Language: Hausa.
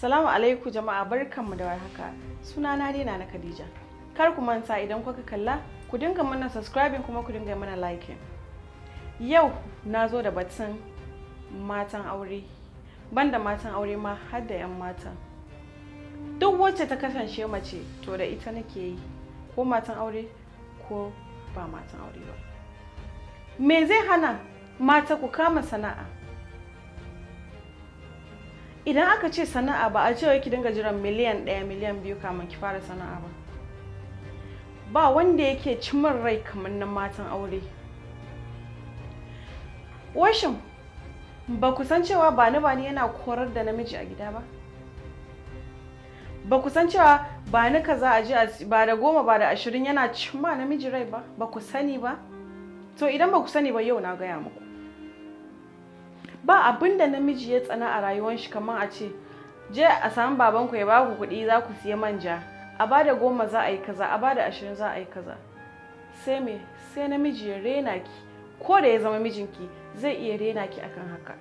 Salamu alaikum jama'a barkanmu da warhaka. Suna na dina na Khadija. Kar ku manta idan kuka kalla ku dinga mana subscribing kuma ku dinga mana liking. Yau na zo da batun matan aure. Banda matan aure ma har da 'yan matan. Duk wacce ta kasance mace to da ita nake yi ko matan aure ko ba matan aure ba. Me zai hana mata ku kama sana'a? idan aka ce sana'a ba a cewa ki dinga jiran miliyan ɗaya miliyan biyu kamun ki fara sana'a ba ba wanda yake cimin rai kamar na matan aure washin ba ku san cewa bani ni yana korar da namiji a gida ba ba ku san cewa ba ni kaza a ji ba da goma ba da ashirin yana cimma namiji rai ba ba ku sani ba to idan ba ku sani ba yau na gaya muku ba abin da namiji ya tsana a rayuwar shi kamar a ce je a samu babanku ya baku kuɗi za ku siya manja a bada goma za a yi kaza a bada ashirin za a yi kaza sai me sai namiji ya rena ki ko da ya zama mijinki zai iya rena ki akan haka